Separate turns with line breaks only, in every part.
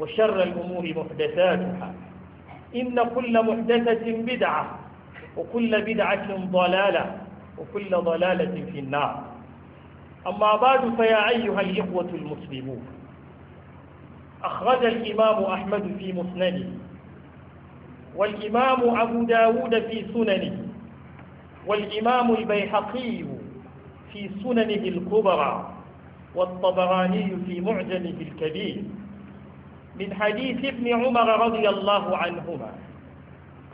وشر الأمور محدثاتها إن كل محدثة بدعة وكل بدعة ضلالة وكل ضلالة في النار أما بعد فيا أيها الإخوة المسلمون أخرج الإمام أحمد في مسنده والإمام أبو داود في سننه والإمام البيحقي في سننه الكبرى والطبراني في معجمه الكبير من حديث ابن عمر رضي الله عنهما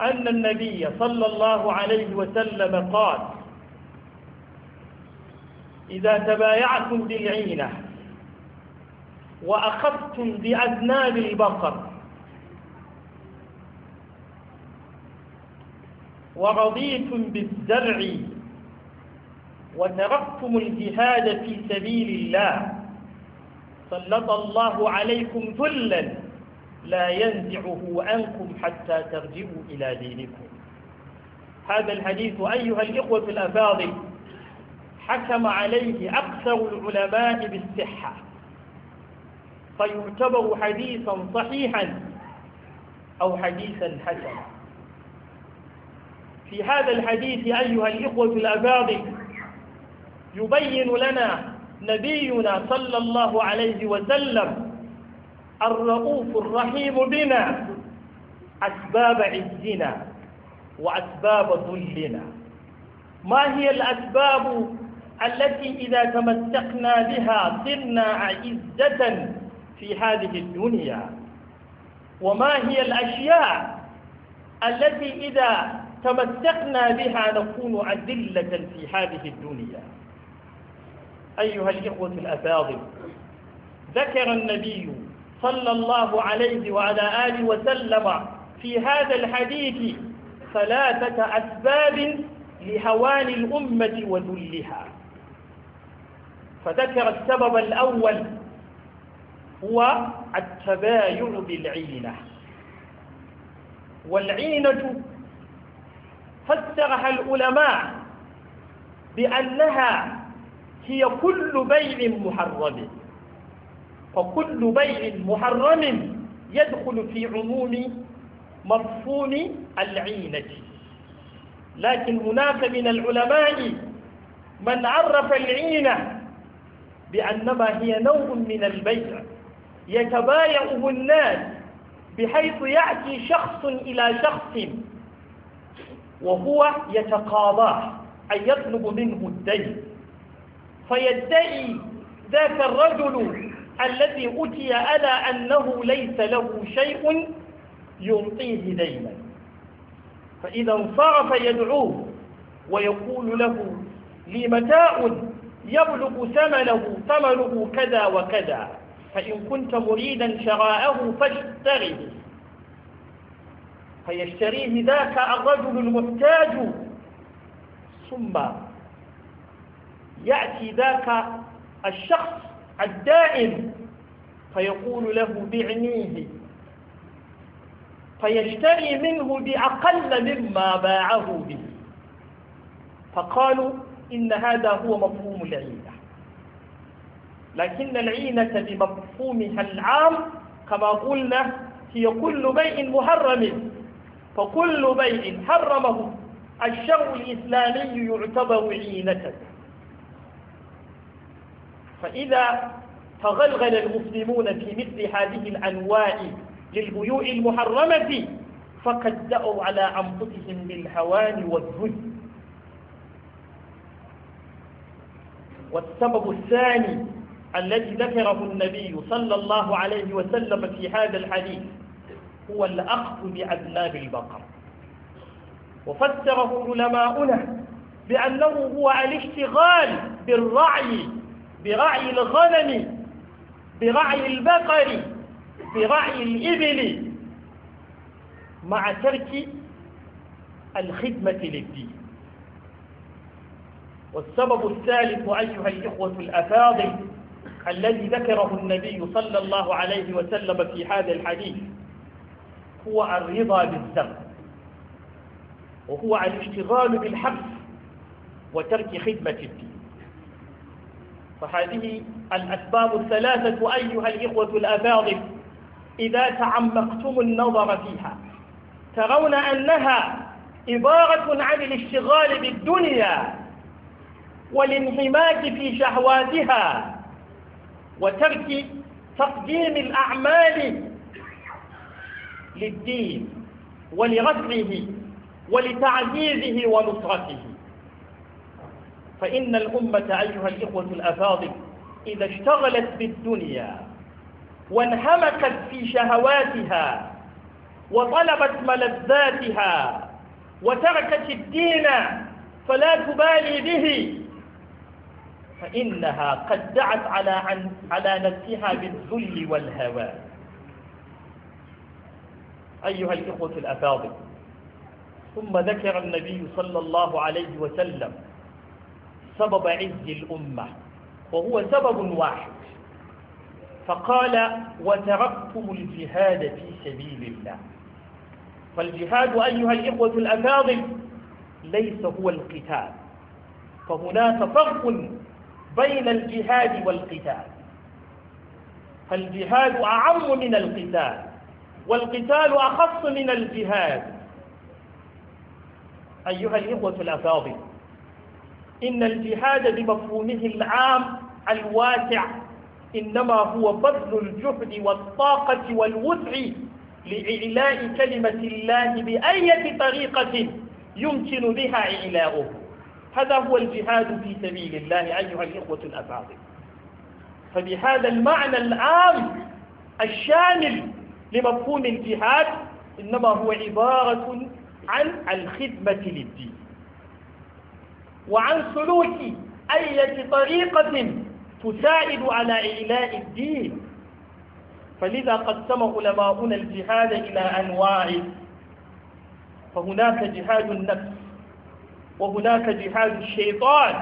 أن النبي صلى الله عليه وسلم قال إذا تبايعتم بالعينة وأخذتم بأذناب البقر ورضيتم بالزرع وتركتم الجهاد في سبيل الله سلط الله عليكم ذلا لا ينزعه عنكم حتى ترجعوا إلى دينكم هذا الحديث أيها الإخوة الأفاضل حكم عليه أكثر العلماء بالصحة فيعتبر حديثا صحيحا أو حديثا حسنا في هذا الحديث أيها الإخوة الأفاضل يبين لنا نبينا صلى الله عليه وسلم الرؤوف الرحيم بنا أسباب عزنا وأسباب ذلنا ما هي الأسباب التي إذا تمسكنا بها صرنا عزة في هذه الدنيا وما هي الأشياء التي إذا تمسكنا بها نكون عذلة في هذه الدنيا أيها الإخوة الأفاضل ذكر النبي صلى الله عليه وعلى آله وسلم في هذا الحديث ثلاثة أسباب لهوان الأمة وذلها فذكر السبب الأول هو التبايع بالعينة والعينة فسرها العلماء بأنها هي كل بيع محرم فكل بيع محرم يدخل في عموم مفهوم العينة لكن هناك من العلماء من عرف العينة بأنما هي نوع من البيع يتبايعه الناس بحيث يأتي شخص إلى شخص وهو يتقاضاه أي يطلب منه الدين فيدعي ذاك الرجل الذي أتي على أنه ليس له شيء يعطيه دينا فإذا انصرف يدعوه ويقول له لي متاع يبلغ ثمنه ثمنه كذا وكذا فإن كنت مريدا شراءه فاشتره فيشتريه ذاك الرجل المحتاج ثم يأتي ذاك الشخص الدائم فيقول له بعنيه فيشتري منه بأقل مما باعه به فقالوا إن هذا هو مفهوم العينة لكن العينة بمفهومها العام كما قلنا هي كل بيع محرم فكل بيع حرمه الشر الإسلامي يعتبر عينة فإذا تغلغل المسلمون في مثل هذه الأنواع للبيوع المحرمة فقد دأوا على أنفسهم بالهوان والذل والسبب الثاني الذي ذكره النبي صلى الله عليه وسلم في هذا الحديث هو الأخذ بأذناب البقر وفسره علماؤنا بأنه هو الاشتغال بالرعي برعي الغنم برعي البقر برعي الإبل مع ترك الخدمة للدين والسبب الثالث أيها الإخوة الأفاضل الذي ذكره النبي صلى الله عليه وسلم في هذا الحديث هو الرضا بالذنب وهو الاشتغال بالحبس وترك خدمة الدين فهذه الأسباب الثلاثة أيها الإخوة الأفاضل إذا تعمقتم النظر فيها ترون أنها عبارة عن الاشتغال بالدنيا والانهماك في شهواتها وترك تقديم الأعمال للدين ولرفعه ولتعزيزه ونصرته فإن الأمة أيها الإخوة الأفاضل إذا اشتغلت بالدنيا وانهمكت في شهواتها وطلبت ملذاتها وتركت الدين فلا تبالي به فإنها قد دعت على, عن على نفسها بالذل والهوى أيها الإخوة الأفاضل ثم ذكر النبي صلى الله عليه وسلم سبب عز الأمة وهو سبب واحد فقال وتركتم الجهاد في سبيل الله فالجهاد أيها الإخوة الأفاضل ليس هو القتال فهناك فرق بين الجهاد والقتال فالجهاد أعم من القتال والقتال أخص من الجهاد أيها الإخوة الأفاضل إن الجهاد بمفهومه العام الواسع إنما هو بذل الجهد والطاقة والوسع لإعلاء كلمة الله بأية طريقة يمكن بها إعلاؤه هذا هو الجهاد في سبيل الله أيها الإخوة الأفاضل فبهذا المعنى العام الشامل لمفهوم الجهاد إنما هو عبارة عن الخدمة للدين وعن سلوك أي طريقة تساعد على إعلاء الدين فلذا قسم علماؤنا الجهاد إلى أنواع فهناك جهاد النفس وهناك جهاد الشيطان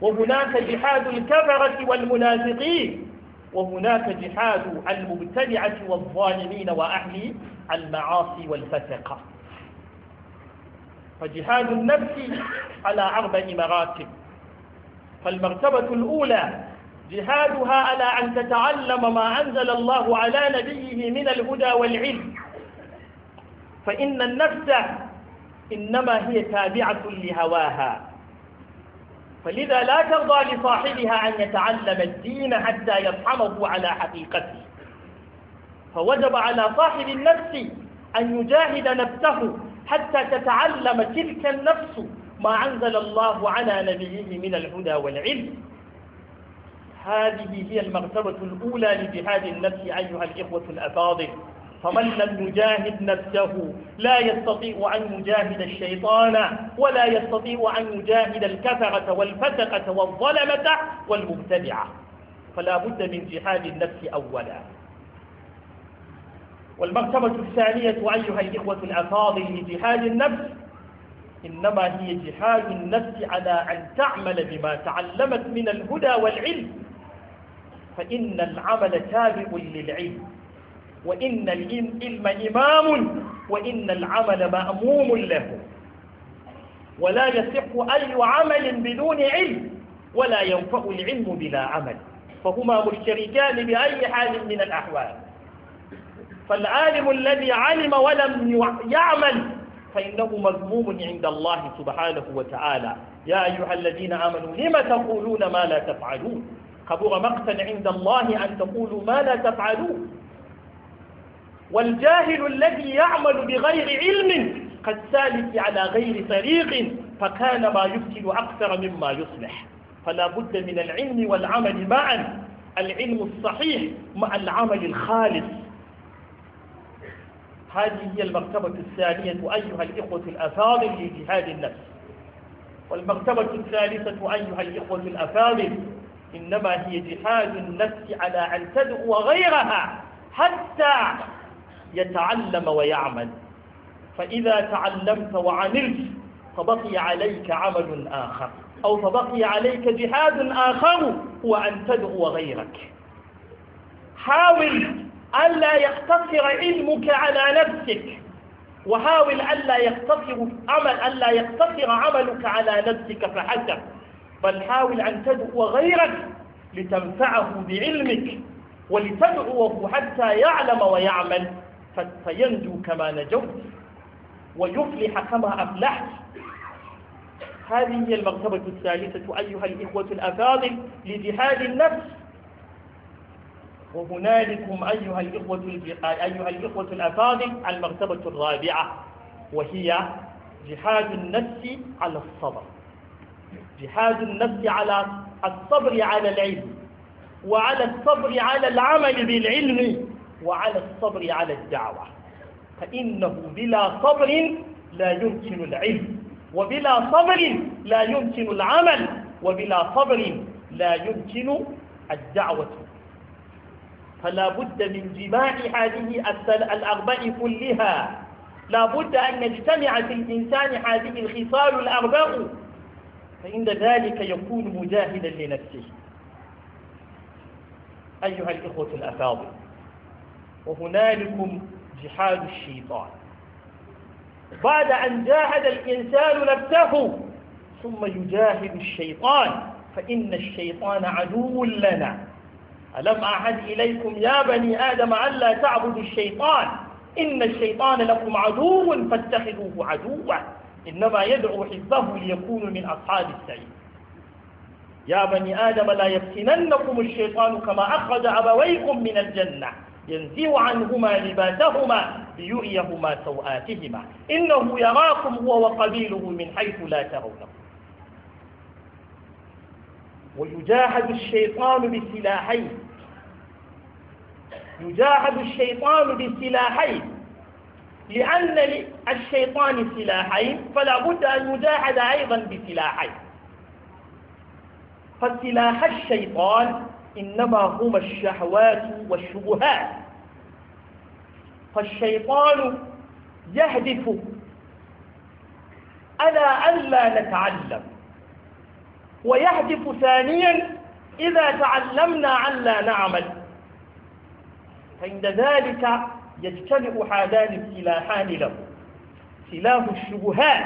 وهناك جهاد الكفرة والمنافقين وهناك جهاد المبتدعة والظالمين وأهل المعاصي والفسقة فجهاد النفس على أربع مراتب فالمرتبة الأولى جهادها على أن تتعلم ما أنزل الله على نبيه من الهدى والعلم فإن النفس إنما هي تابعة لهواها فلذا لا ترضى لصاحبها أن يتعلم الدين حتى يفهمه على حقيقته فوجب على صاحب النفس أن يجاهد نفسه حتى تتعلم تلك النفس ما أنزل الله على نبيه من الهدى والعلم هذه هي المرتبة الأولى لجهاد النفس أيها الإخوة الأفاضل فمن لم يجاهد نفسه لا يستطيع أن يجاهد الشيطان ولا يستطيع أن يجاهد الكفرة والفسقة والظلمة والمبتدعة فلا بد من جهاد النفس أولا والمرتبة الثانية أيها الإخوة الأفاضل جهاد النفس إنما هي جهاد النفس على أن تعمل بما تعلمت من الهدى والعلم فإن العمل تابع للعلم وإن العلم إمام وإن العمل مأموم له ولا يصح أي عمل بدون علم ولا ينفع العلم بلا عمل فهما مشتركان بأي حال من الأحوال فالعالم الذي علم ولم يعمل فإنه مذموم عند الله سبحانه وتعالى يا أيها الذين آمنوا لم تقولون ما لا تفعلون كبر مقتا عند الله أن تقولوا ما لا تفعلون والجاهل الذي يعمل بغير علم كالسالك على غير طريق فكان ما يفسد أكثر مما يصلح فلا بد من العلم والعمل معا العلم الصحيح مع العمل الخالص هذه هي المرتبة الثانية أيها الإخوة الأفاضل لجهاد النفس والمرتبة الثالثة أيها الإخوة الأفاضل إنما هي جهاد النفس على أن تدعو غيرها حتى يتعلم ويعمل فإذا تعلمت وعملت فبقي عليك عمل آخر أو فبقي عليك جهاد آخر هو أن تدعو غيرك حاول ألا يقتصر علمك على نفسك وحاول ألا يقتصر عمل ألا يقتصر عملك على نفسك فحسب بل حاول أن تدعو غيرك لتنفعه بعلمك ولتدعوه حتى يعلم ويعمل فينجو كما نجوت ويفلح كما أفلحت هذه هي المرتبة الثالثة أيها الإخوة الأفاضل لجهاد النفس وهنالكم أيها الإخوة أيها الإخوة الأفاضل المرتبة الرابعة وهي جهاد النفس على الصبر جهاد النفس على الصبر على العلم وعلى الصبر على العمل بالعلم وعلى الصبر على الدعوة فإنه بلا صبر لا يمكن العلم وبلا صبر لا يمكن العمل وبلا صبر لا يمكن الدعوة فلا بد من جماع هذه الأربع كلها لا بد أن نجتمع في الإنسان هذه الخصال الأربع فإن ذلك يكون مجاهدا لنفسه أيها الإخوة الأفاضل وهنالكم جحاد الشيطان بعد أن جاهد الإنسان نفسه ثم يجاهد الشيطان فإن الشيطان عدو لنا ألم أعهد إليكم يا بني آدم ألا تعبدوا الشيطان إن الشيطان لكم عدو فاتخذوه عدوا إنما يدعو حزبه ليكونوا من أصحاب السعير يا بني آدم لا يفتننكم الشيطان كما أخرج أبويكم من الجنة ينزع عنهما لباسهما ليؤيهما سوآتهما إنه يراكم هو وقبيله من حيث لا ترونه ويجاهد الشيطان بسلاحين يجاهد الشيطان بسلاحين لأن الشيطان سلاحين فلا بد أن يجاهد أيضا بسلاحين فسلاح الشيطان إنما هما الشهوات والشبهات فالشيطان يهدف ألا ألا نتعلم ويهدف ثانيا إذا تعلمنا ألا نعمل فعند ذلك يجتمع حالان سلاحان له سلاح الشبهات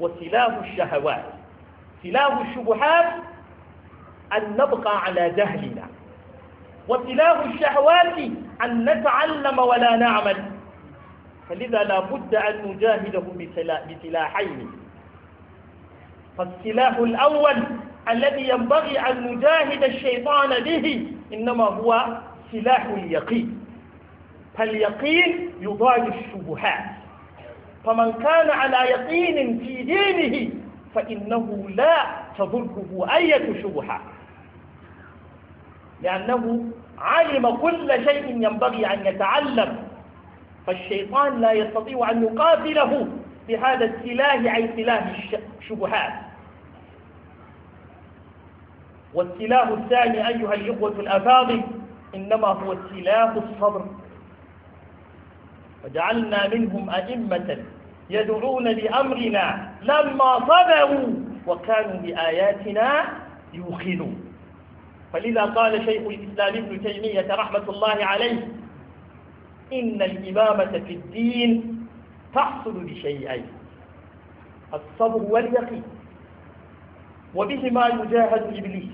وسلاح الشهوات سلاح الشبهات أن نبقى على جهلنا وسلاح الشهوات أن نتعلم ولا نعمل فلذا لا بد أن نجاهده بسلاحين فالسلاح الأول الذي ينبغي أن نجاهد الشيطان به إنما هو سلاح اليقين فاليقين يضاد الشبهات فمن كان على يقين في دينه فإنه لا تضره أية شبهة لأنه علم كل شيء ينبغي أن يتعلم فالشيطان لا يستطيع أن يقاتله بهذا السلاح أي سلاح الشبهات والسلاح الثاني أيها الإخوة الأفاضل إنما هو السلاح الصبر وجعلنا منهم أئمة يدعون بأمرنا لما صبروا وكانوا بآياتنا يوقنون فلذا قال شيخ الإسلام ابن تيمية رحمة الله عليه إن الإمامة في الدين تحصل بشيئين الصبر واليقين وبهما يجاهد إبليس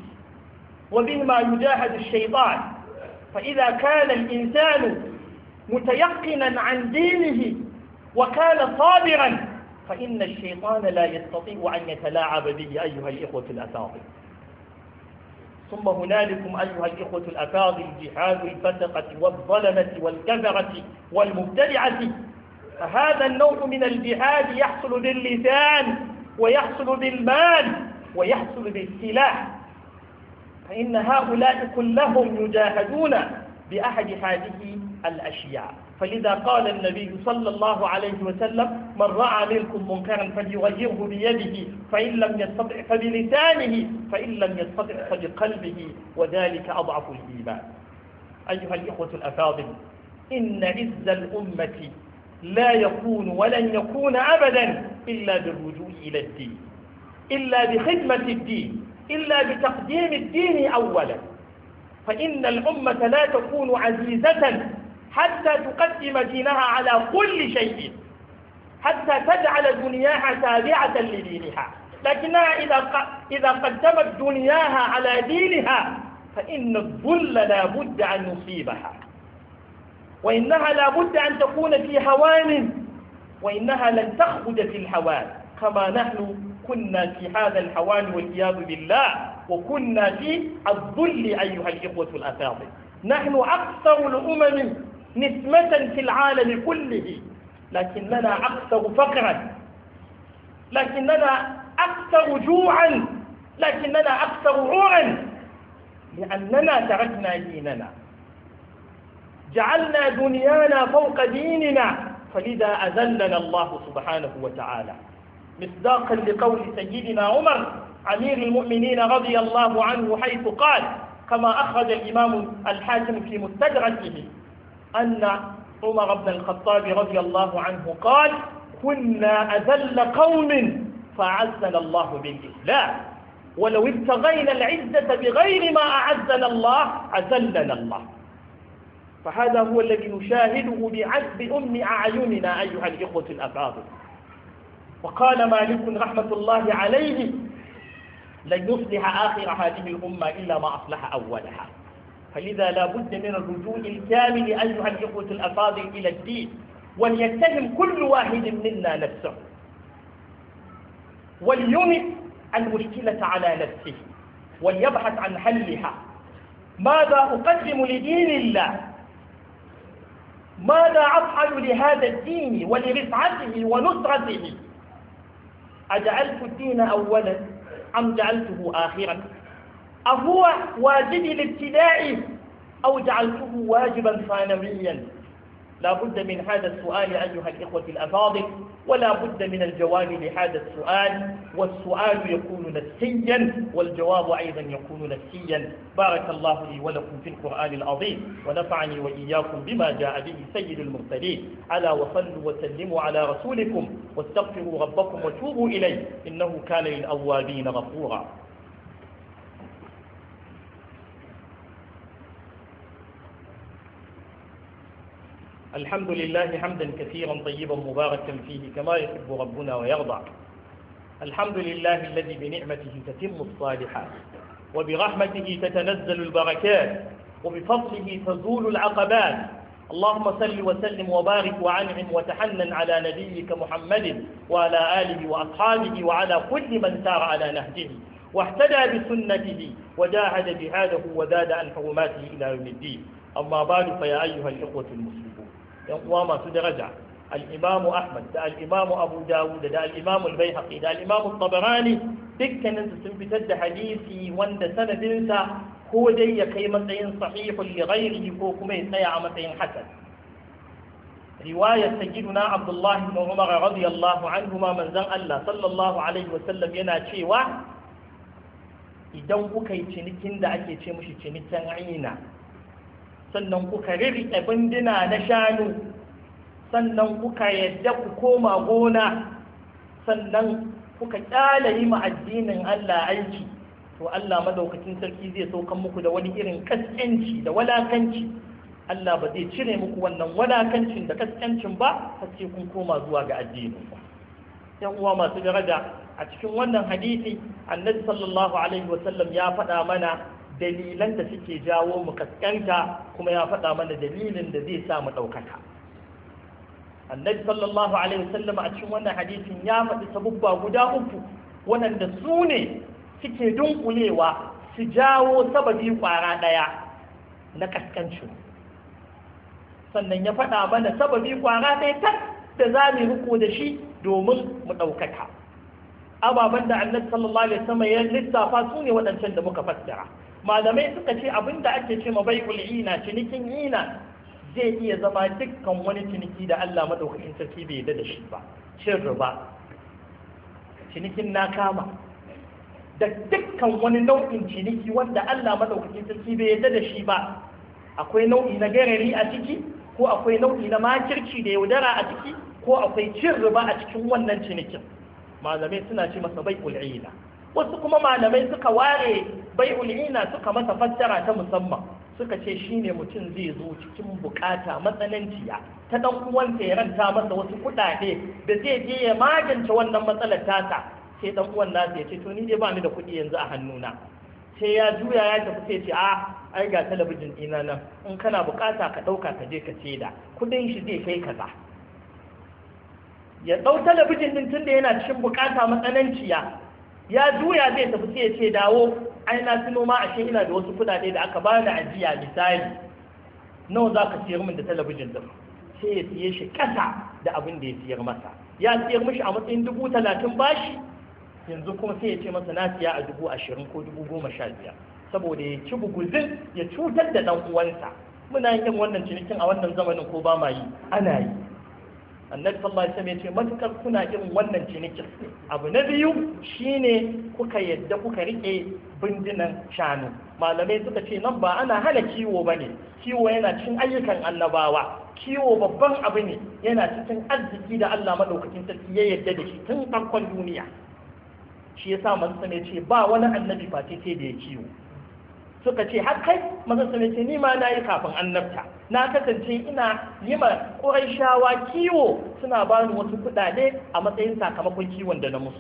وبهما يجاهد الشيطان فإذا كان الإنسان متيقنا عن دينه وكان صابرا فإن الشيطان لا يستطيع أن يتلاعب به أيها الإخوة الأفاضل ثم هنالكم أيها الإخوة الأفاضل جهاد الفسقة والظلمة والكفرة والمبتدعة فهذا النوع من الجهاد يحصل باللسان ويحصل بالمال ويحصل بالسلاح فإن هؤلاء كلهم يجاهدون بأحد هذه الأشياء فلذا قال النبي صلى الله عليه وسلم من رأى منكم منكرا فليغيره بيده فإن لم يستطع فبلسانه فإن لم يستطع فبقلبه وذلك أضعف الإيمان أيها الإخوة الأفاضل إن عز الأمة لا يكون ولن يكون أبدا إلا بالرجوع إلى الدين إلا بخدمة الدين إلا بتقديم الدين أولا فإن الأمة لا تكون عزيزة حتى تقدم دينها على كل شيء حتى تجعل دنياها تابعة لدينها لكنها إذا إذا قدمت دنياها على دينها فإن الذل لا بد أن يصيبها وإنها لا بد أن تكون في هوان وإنها لن تخرج في الهوان كما نحن كنا في هذا الهوان والعياذ بالله وكنا في الظل أيها الإخوة الأفاضل نحن أكثر الأمم نسمة في العالم كله لكننا أكثر فقرا لكننا أكثر جوعا لكننا أكثر عورا لأننا تركنا ديننا جعلنا دنيانا فوق ديننا فلذا أذلنا الله سبحانه وتعالى مصداقا لقول سيدنا عمر أمير المؤمنين رضي الله عنه حيث قال كما أخرج الإمام الحاكم في مستدركه أن عمر بن الخطاب رضي الله عنه قال كنا أذل قوم فعزنا الله بالإسلام ولو ابتغينا العزة بغير ما أعزنا الله أذلنا الله فهذا هو الذي نشاهده بعزب أم أعيننا أيها الإخوة الأفاضل وقال مالك رحمة الله عليه لن يصلح آخر هذه الأمة إلا ما أصلح أولها فلذا لا بد من الرجوع الكامل أيها الإخوة الأفاضل إلى الدين وليتهم كل واحد منا نفسه وليمس المشكلة على نفسه وليبحث عن حلها ماذا أقدم لدين الله ماذا أفعل لهذا الدين ولرفعته ونصرته أجعلت الدين أولا أم جعلته آخرا أهو واجبي الابتدائي أو جعلته واجبا ثانويا لا بد من هذا السؤال أيها الإخوة الأفاضل ولا بد من الجواب لهذا السؤال والسؤال يكون نفسيا والجواب أيضا يكون نفسيا بارك الله لي ولكم في القرآن العظيم ونفعني وإياكم بما جاء به سيد المرسلين ألا وصلوا وسلموا على رسولكم واستغفروا ربكم وتوبوا إليه إنه كان للأوابين غفورا الحمد لله حمدا كثيرا طيبا مباركا فيه كما يحب ربنا ويرضى الحمد لله الذي بنعمته تتم الصالحات وبرحمته تتنزل البركات وبفضله تزول العقبات اللهم صل وسلم وبارك وعنهم وتحنن على نبيك محمد وعلى آله وأصحابه وعلى كل من سار على نهجه واهتدى بسنته وجاهد جهاده وزاد عن حرماته إلى يوم الدين أما بعد فيا أيها الإخوة المسلمين yan uwa masu daraja al-imam ahmad da al-imam abu dawud da al-imam al-baihaqi da al-imam tabarani dukkanin su sun fitar da hadisi wanda sanadinsa ko dai ya kai matsayin sahihun li ghairihi ko kuma ya tsaya a matsayin hasan riwayar sayyiduna abdullahi ibn umar radiyallahu anhuma manzon Allah sallallahu alaihi yana cewa idan kuka yi cinikin da ake ce mushi cinikin aina sannan kuka rirriƙe bindina na shanu sannan kuka yadda ku koma gona sannan kuka ƙyala yi addinin Allah aiki to Allah madaukakin sarki zai saukan muku da wani irin kaskanci da walakanci Allah ba zai cire muku wannan walakancin da kaskancin ba har sai kun koma zuwa ga addinin ba yan uwa masu daraja a cikin wannan hadisi annabi sallallahu alaihi wasallam ya faɗa mana dalilan da suke jawo mu kaskanta kuma ya faɗa mana dalilin da zai sa mu ɗaukaka annabi sallallahu alaihi wasallam a cikin wannan hadisin ya faɗi sabubba guda uku waɗanda su ne suke dunkulewa su jawo sababi ƙwara ɗaya na kaskancin sannan ya faɗa mana sababi ƙwara ɗaya tak da za mu riko da shi domin mu ɗaukaka ababen da annabi sallallahu alaihi wasallam ya lissafa su ne waɗancan da muka fassara malamai suka ce abinda ake ce ma bai'ul ina cinikin ina zai iya zama dukkan wani ciniki da Allah madaukakin sarki bai yarda da shi ba cin riba cinikin na kama da dukkan wani nau'in ciniki wanda Allah madaukakin sarki bai yarda da shi ba akwai nau'i na garari a ciki ko akwai nau'i na makirci da yaudara a ciki ko akwai cin riba a cikin wannan cinikin malamai suna ce masa bai ina wasu kuma malamai suka ware bai ul'ina suka masa fassara ta musamman suka ce shine mutum zai zo cikin bukata matsananciya ta dan uwansa ya ranta masa wasu kuɗaɗe da zai je ya magance wannan matsalar tasa sai dan uwan nasa ya ce to ni dai ba ni da kuɗi yanzu a hannuna sai ya juya ya tafi sai ce a ah, ai ga talabijin ina nan in kana bukata ka ɗauka ka je ka ce da kuɗin shi zai kai kaza ya ɗau talabijin din tunda yana cikin bukata matsananciya ya juya zai tafi sai ya ce dawo ai na sino ma ashe ina da wasu kuɗaɗe da aka bani ajiya misali nawa za ka siyar min da talabijin din sai ya siye shi ƙasa da abin da ya siyar masa ya siyar mishi a matsayin dubu talatin bashi yanzu kuma sai ya ce masa na siya a dubu ashirin ko dubu goma sha biyar saboda ya ci buguzin ya cutar da ɗan uwansa muna yin wannan cinikin a wannan zamanin ko ba ma yi ana yi annabi sallallahu alaihi wasallam yace matukar kuna irin wannan cinikin abu na biyu shine kuka yadda kuka rike bindinan shanu malamai suka ce nan ba ana hana kiwo bane kiwo yana cikin ayyukan annabawa kiwo babban abu ne yana cikin arziki da Allah madaukakin sarki ya yadda da shi tun farkon duniya shi yasa manzo ya ce ba wani annabi face sai da ya kiwo suka ce har kai manzo ya ce ni ma na yi kafin annabta na kasance ina yi ma kiwo suna ba ni wasu kuɗaɗe a matsayin sakamakon kiwon da na musu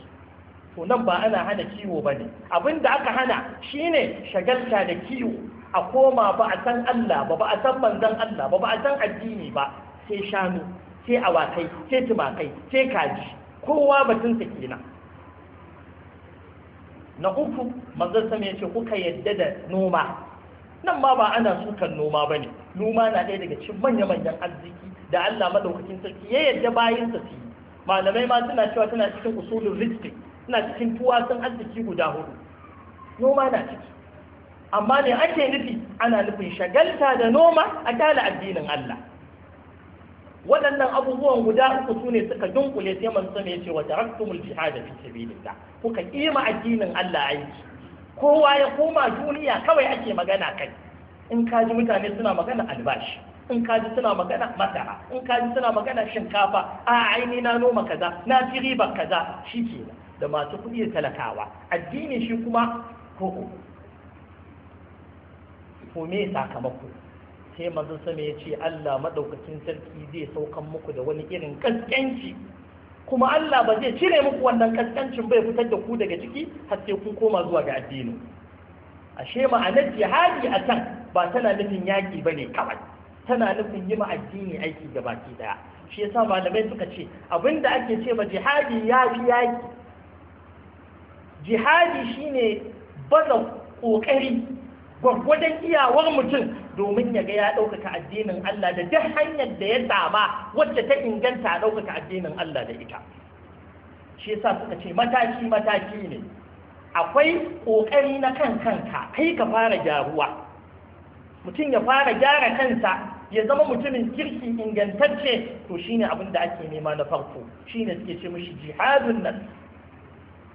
to nan ba ana hana kiwo ba ne abin da aka hana shine shagalta da kiwo a koma ba a san Allah ba ba a san manzon Allah ba ba a san addini ba sai shanu sai awakai sai tumakai sai kaji kowa batun sa kenan na uku manzon sama ce kuka yadda da noma nan ma ba ana sukan noma ba ne noma na ɗaya daga cikin manya-manyan arziki da Allah madaukakin sarki ya yarda bayansa su yi malamai ma suna cewa tana cikin usulun rizqi suna cikin tuwasan arziki guda hudu noma na ciki amma ne ake nufi ana nufin shagalta da noma a kala addinin Allah waɗannan abubuwan guda uku su ne suka dunkule sai manzo ya ce wa taraktumul jihad fi sabilillah kuka kima addinin Allah aiki kowa ya koma duniya kawai ake magana kai in kaji mutane suna magana albashi in kaji suna magana masara in kaji suna magana shinkafa a aini na noma kaza na fi ribar kaza shi ke da masu kuɗi da talakawa addini shi kuma koko ko me sakamako sai manzon sama ya ce Allah madaukakin sarki zai saukan muku da wani irin kaskanci kuma Allah ba zai cire muku wannan kaskancin bai fitar da ku daga ciki har sai kun koma zuwa ga addini ashe ma'anar jihadi a can ba tana nufin yaƙi ba ne kawai tana nufin yi addini aiki baki daya shi yasa malamai suka ce abinda ake ce ma jihadi ya fi yaƙi jihadi shine baza ƙoƙari gwaggwadon iyawar mutum domin ya ga ya ɗaukaka addinin Allah da duk hanyar da ya saba wacce ta inganta a ɗaukaka addinin Allah da ita shi yasa suka ce mataki mataki ne akwai ƙoƙari na kan kanka kai ka fara gyaruwa mutum ya fara gyara kansa ya zama mutumin kirki ingantacce to shine abin da ake nema na farko Shi ne suke ce mishi jihadun nan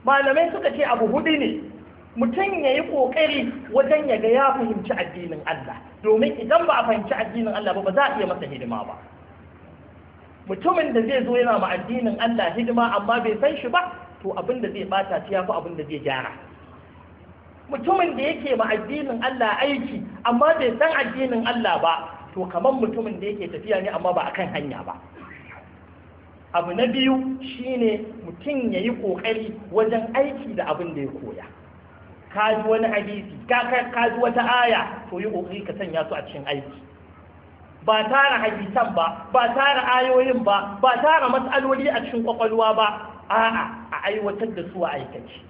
malamai suka ce abu hudu ne mutum ya yi ƙoƙari wajen ya ga ya fahimci addinin Allah domin idan ba a fahimci addinin Allah ba ba za a iya masa hidima ba mutumin da zai zo yana ma addinin Allah hidima amma bai san shi ba to abin da zai bata ya yafi abin da zai gyara mutumin da yake ma addinin Allah aiki amma bai san addinin Allah ba to kamar mutumin da yake tafiya ne amma ba akan hanya ba abu na biyu shine mutum ya yi ƙoƙari wajen aiki da abin da ya koya kaji wani hadisi ka ji wata aya to yi kokari ka sanya su a cikin aiki ba tara hadisan ba ba tara ayoyin ba ba tara matsaloli a cikin kwakwalwa ba a'a a aiwatar da su a aikace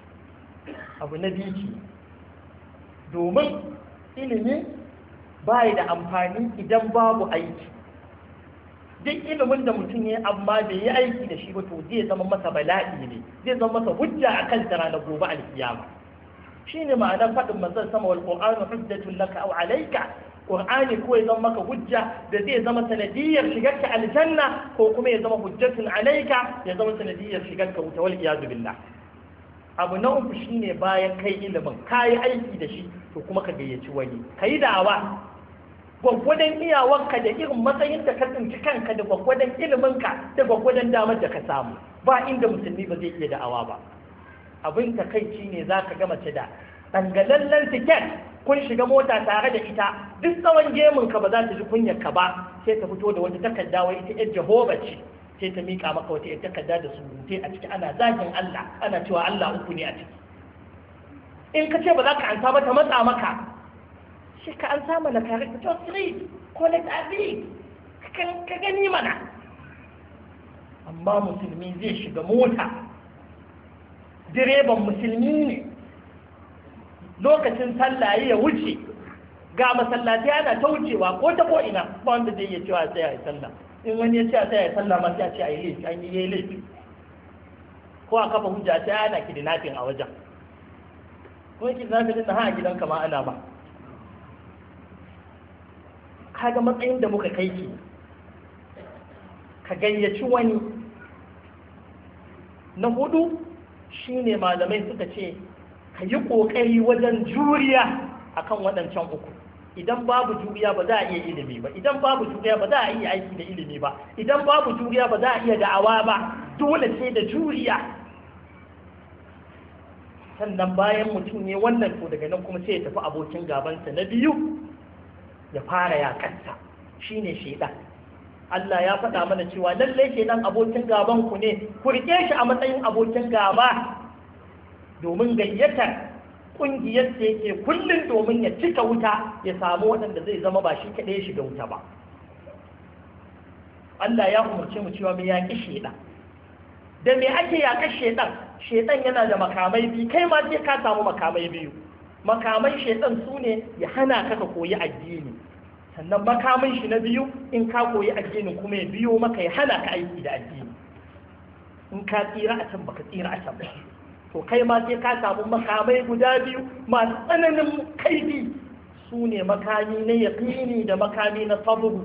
abu na biki domin ilimi bai da amfani idan babu aiki duk ilimin da mutum ya amma bai yi aiki da shi ba to zai zama masa bala'i ne zai zama masa hujja a kan na gobe alkiyama shine ma'anar faɗin manzon sama wal qur'anu hujjatun laka aw alayka qur'ani ko ya zama maka hujja da zai zama sanadiyar shigar shigarka aljanna ko kuma ya zama hujjatun alayka ya zama sanadiyar shigar wuta wal iyadu billah abu na uku shine bayan kai ilimin kayi aiki da shi to kuma ka gayyaci wani Ka yi da'awa gwaggwadon iyawanka da irin matsayin da ka tsinci kanka da gwaggwadon iliminka da gwaggwadon damar da ka samu ba inda musulmi ba zai iya da'awa ba abin ta kai ne za ka ga mace da dangalallen tiket kun shiga mota tare da ita duk tsawon gemun ka ba za ta ji kunyar ka ba sai ta fito da wata takarda wai ita yar jehova ce sai ta miƙa maka wata yar takarda da surutai a ciki ana zagin Allah ana cewa Allah uku ne a ciki in ka ce ba za ka ansa ba ta matsa maka shi ka an samu na tare ka tosiri ko na tabi ka gani mana amma musulmi zai shiga mota direban musulmi ne lokacin sallaye ya wuce ga masallaci ana ta wucewa ko ta ko ina ba wanda zai iya cewa sai yi sallah in wani ya ce sai yi sallah ma sai a ce a yi laifi an yi laifi ko a kafa hujja sai ana kidnapping a wajen ko a din dinda ha gidanka ma ana ba ga matsayin da muka kai ki ka gayyaci wani na hudu shine malamai suka ce ka yi ƙoƙari wajen juriya akan waɗancan uku idan babu juriya ba za a iya ilimi ba idan babu juriya ba za a iya aiki da ilimi ba idan babu juriya ba za a iya da'awa ba dole sai da juriya sannan bayan mutum ne wannan to daga nan kuma sai ya tafi abokin gabansa na biyu ya fara yakansa shine shaidan Allah ya faɗa mana cewa lallai ke nan abokin gaban ku ne ku rike shi a matsayin abokin gaba domin gayyatar ƙungiyar da yake kullum domin ya cika wuta ya samu waɗanda zai zama ba shi kaɗai shiga wuta ba Allah ya umarce mu cewa mai yaƙi shaiɗan da me ake yaƙar shaiɗan shaiɗan yana da makamai biyu kai ma sai ka samu makamai biyu Makamai shaiɗan su ne ya hana ka koyi addini sannan makamin shi na biyu in ka koyi addini kuma ya biyo maka ya hana ka aiki da addini in ka tsira a can baka tsira a can ba to kai ma sai ka samu makamai guda biyu masu tsananin kaifi su ne makami na yaƙini da makami na saburu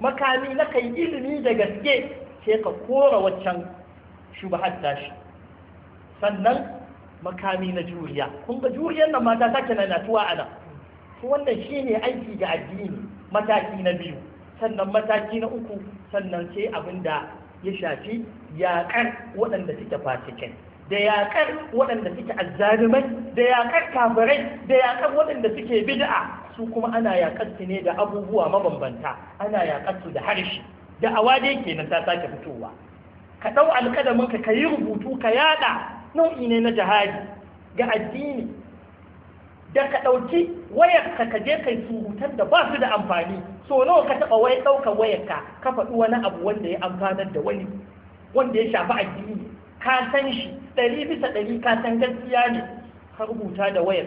makami na kai ilimi da gaske sai ka kora waccan shubahar tashi sannan makami na juriya kun ga juriyar nan mata na natuwa a nan Wannan wannan ne aiki ga addini mataki na biyu sannan mataki na uku sannan sai abin da ya shafi yaƙar waɗanda suke fasikin da yaƙar waɗanda suke azzalumai da yaƙar kafirai da yaƙar waɗanda suke bid'a su kuma ana yaƙar su ne da abubuwa mabambanta ana yaƙar su da harshe da awade kenan ta sake fitowa ka ɗau alƙadamin ka yi rubutu ka yaɗa nau'i ne na jihadi ga addini da ka ɗauki wayar ka je kai surutan da ba su da amfani so nawa ka taɓa wayar ɗaukar wayar ka ka faɗi wani abu wanda ya amfanar da wani wanda ya shafi addini ka san shi ɗari bisa ɗari ka san gaskiya ne ka rubuta da wayar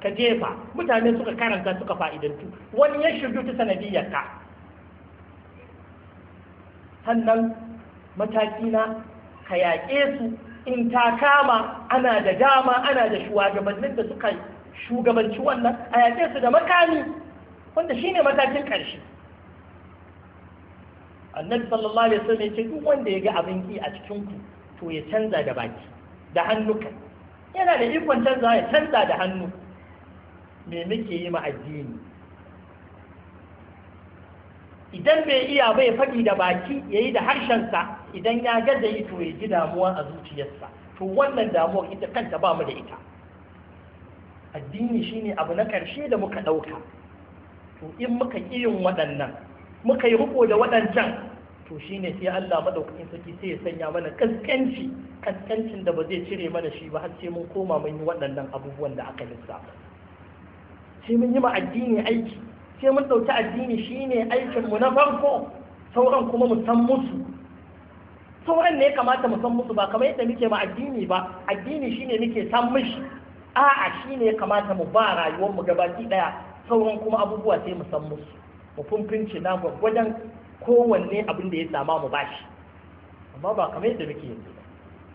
ka jefa mutane suka karanta suka fa'idantu wani ya shirya ta sanadiyar ka sannan mataki na ka yaƙe su in ta kama ana da dama ana da shuwagabannin da suka shugabanci wannan a yaƙe su da makami wanda shine matakin ƙarshe annabi sallallahu alaihi wasallam yace duk wanda ya ga abin ki a cikin ku to ya canza da baki da hannu kai yana da ikon canza ya canza da hannu me muke yi ma addini idan bai iya bai faɗi da baki ya yi da harshensa idan ya gaza yi to ya ji damuwa a zuciyarsa to wannan damuwar ita kanta ba mu da ita addini shine abu na ƙarshe da muka ɗauka to in muka yin waɗannan muka yi riko da waɗancan to shine sai Allah madaukakin sarki sai ya sanya mana kaskanci kaskancin da ba zai cire mana shi ba har sai mun koma mun yi waɗannan abubuwan da aka lissafa sai mun yi ma addini aiki sai mun ɗauki addini shine aikin mu na farko sauran kuma mu san musu sauran ne ya kamata mu san musu ba kamar yadda muke ma addini ba addini shine muke san mishi a'a shi ne ya kamata mu ba rayuwar mu gabaki daya sauran kuma abubuwa sai mu san musu mu funfunci na gwaggwajen kowanne abin da ya sama mu bashi amma ba kamar yadda muke yanzu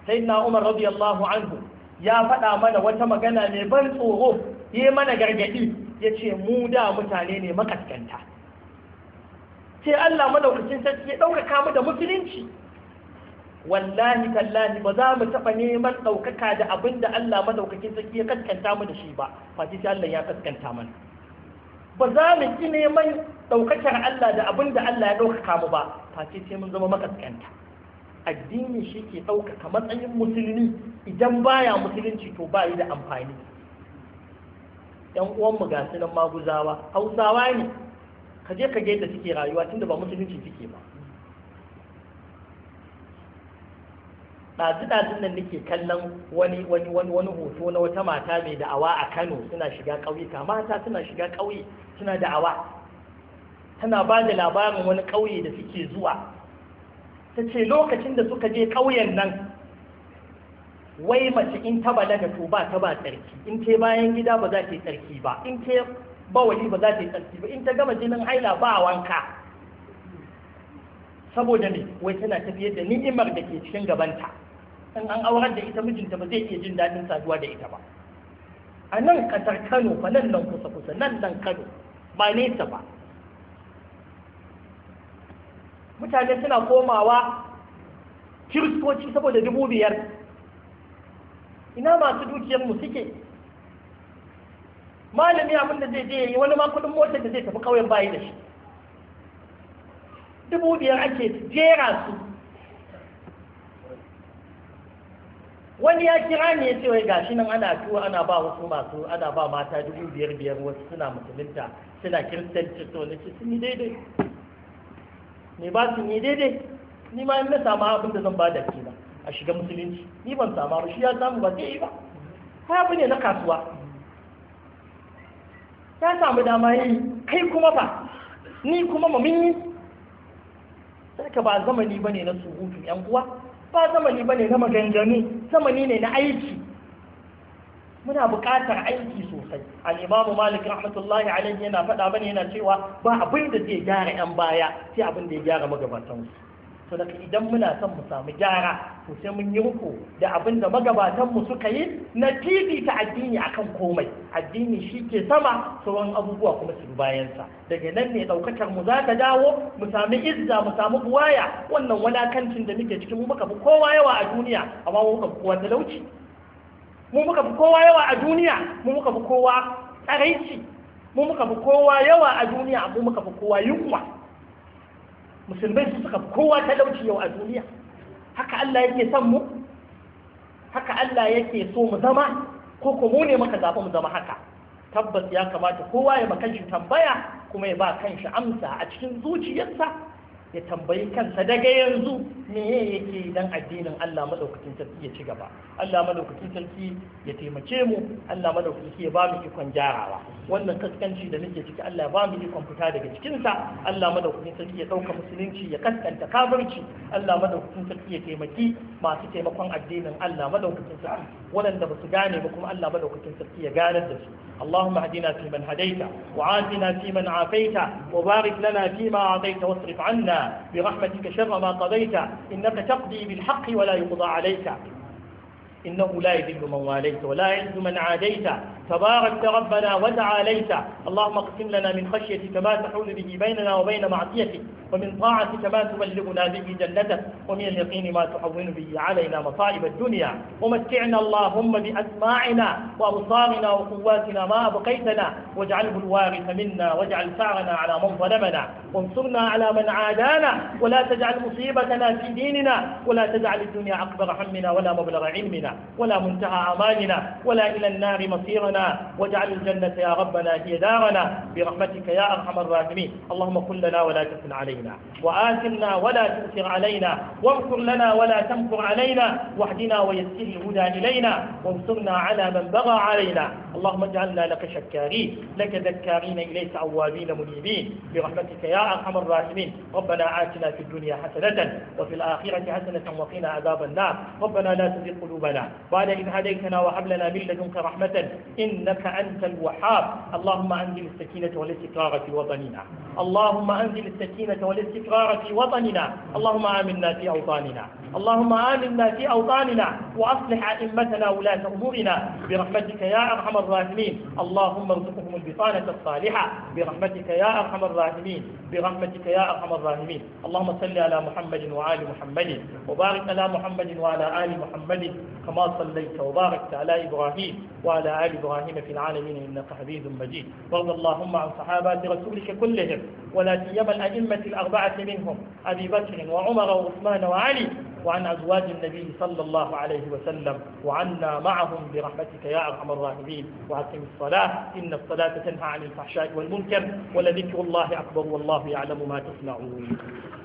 sai na umar radiyallahu anhu ya faɗa mana wata magana mai ban tsoro ya mana gargaɗi ya ce mu da mutane ne makaskanta sai Allah madaukakin sarki ya ɗaukaka mu da musulunci wallahi tallahi ba za mu taɓa neman ɗaukaka da abin da Allah madaukakin sarki ya kaskanta mu da shi ba fati sai Allah ya kaskanta mana ba za mu ki neman ɗaukakar Allah da abin da Allah ya ɗaukaka mu ba fati sai mun zama makaskanta addini shi ke ɗaukaka matsayin musulmi idan baya musulunci to ba yi da amfani yan uwanmu ga nan maguzawa hausawa ne ka je ka ga yadda suke rayuwa tunda ba musulunci suke ba ɗazu-ɗazun nan nake kallon wani wani wani wani hoto na wata mata mai da'awa a Kano suna shiga ƙauyuka mata suna shiga ƙauye suna da'awa tana ba da labarin wani ƙauye da suke zuwa ta ce lokacin da suka je ƙauyen nan wai mace in ta balaga to ba ta ba tsarki in ta bayan gida ba za ta yi tsarki ba in ta bawali ba za ta yi tsarki ba in ta gama jinin haila ba wanka saboda ne wai tana tafiyar da ni'imar da ke cikin gabanta in an aurar da ita mijinta ba zai iya jin daɗin saduwa da ita ba a nan ƙasar kano fa nan nan kusa kusa nan nan kano ba nesa ba mutane suna komawa kiristoci saboda dubu biyar ina masu dukiyarmu suke malami abin da zai je yi wani ma kudin motar da zai tafi kauyen bayi da shi dubu biyar ake jera su wani ya kira ne ya ce wai gashi nan ana tuwa ana ba wasu masu ana ba mata dubu biyar biyar wasu suna musulunta suna kiristanci to na sun yi daidai ne ba sun yi daidai ni ma in na samu abin da zan ba da ke a shiga musulunci ni ban samu ba shi ya samu ba zai yi ba kai abu ne na kasuwa ya samu dama yi kai kuma ba ni kuma mamin yi sai ka ba zamani ba ne na surutun yan uwa ba zamani ba ne na maganganu zamani ne na aiki muna buƙatar aiki sosai al'imamu malik rahmatullahi alaihi yana faɗa bane yana cewa ba abin da zai gyara 'yan baya sai abin da ya gyara magabatansu to daga idan muna son mu samu gyara to sai mun yi ruku da abin da magabatan mu suka yi na tifi ta addini akan komai addini shi ke sama sauran abubuwa kuma su bayansa daga nan ne daukakar mu za ta dawo mu sami izza mu samu buwaya wannan wadakancin da muke cikin mu muka fi kowa yawa a duniya amma mu muka fi kowa talauci mu muka fi kowa yawa a duniya mu muka fi kowa tsaraici mu muka fi kowa yawa a duniya mu muka fi kowa yunwa musulmai su suka kowa talauci yau a duniya haka Allah yake son mu haka Allah yake so mu zama ko ko mu ne muka zaɓi mu zama haka tabbas ya kamata kowa ya ba shi tambaya kuma ya ba kanshi amsa a cikin zuciyarsa ya tambayi kansa daga yanzu me yake yi dan addinin Allah madaukakin sarki ya ci gaba Allah madaukakin sarki ya taimake mu Allah madaukakin sarki ya ba mu ikon jarawa wannan kaskanci da muke ciki Allah ya ba mu ikon fita daga cikin sa Allah madaukakin sarki ya dauka musulunci ya kaskanta kafirci Allah madaukakin sarki ya taimaki masu taimakon addinin Allah madaukakin sarki waɗanda ba su gane ba kuma Allah madaukakin sarki ya ganar da su اللهم اهدنا فيمن هديت وعافنا فيمن عافيت وبارك لنا فيما أعطيت واصرف عنا برحمتك شر ما قضيت إنك تقضي بالحق ولا يقضى عليك إنه لا يذل من واليت ولا يعز من عاديت تباركت ربنا وتعاليت اللهم اقسم لنا من خشيتك ما تحول به بيننا وبين معصيتك ومن طاعتك ما تبلغنا به جنتك ومن اليقين ما تحول به علينا مصائب الدنيا ومتعنا اللهم بأسماعنا وأبصارنا وقواتنا ما أبقيتنا واجعله الوارث منا واجعل ثارنا على من ظلمنا وانصرنا على من عادانا ولا تجعل مصيبتنا في ديننا ولا تجعل الدنيا أكبر همنا ولا مبلغ علمنا ولا منتهى أماننا ولا إلى النار مصيرنا ربنا واجعل الجنة يا ربنا هي دارنا برحمتك يا أرحم الراحمين اللهم كن لنا ولا تكن علينا وآثرنا ولا تؤثر علينا وامكر لنا ولا تمكر علينا واهدنا ويسر الهدى إلينا وانصرنا على من بغى علينا اللهم اجعلنا لك شكارين لك ذكارين إليك أوابين منيبين برحمتك يا أرحم الراحمين ربنا آتنا في الدنيا حسنة وفي الآخرة حسنة وقنا عذاب النار ربنا لا تزغ قلوبنا بعد إذ هديتنا وهب لنا من لدنك رحمة إنك أنت الوحاب اللهم أنزل السكينة والاستقرار في وطننا اللهم أنزل السكينة والاستقرار في وطننا اللهم آمنا في أوطاننا اللهم آمنا في أوطاننا وأصلح أئمتنا ولاة أمورنا برحمتك يا أرحم الراحمين اللهم ارزقهم البطانة الصالحة برحمتك يا أرحم الراحمين برحمتك يا أرحم الراحمين اللهم صل على محمد وآل محمد وبارك على محمد وعلى آل محمد كما صليت وباركت على إبراهيم وعلى آل إبراهيم إبراهيم في العالمين إنك حميد مجيد وارض اللهم عن صحابة رسولك كلهم ولا سيما الأئمة الأربعة منهم أبي بكر وعمر وعثمان وعلي وعن أزواج النبي صلى الله عليه وسلم وعنا معهم برحمتك يا أرحم الراحمين وأقم الصلاة إن الصلاة تنهى عن الفحشاء والمنكر ولذكر الله أكبر والله يعلم ما تصنعون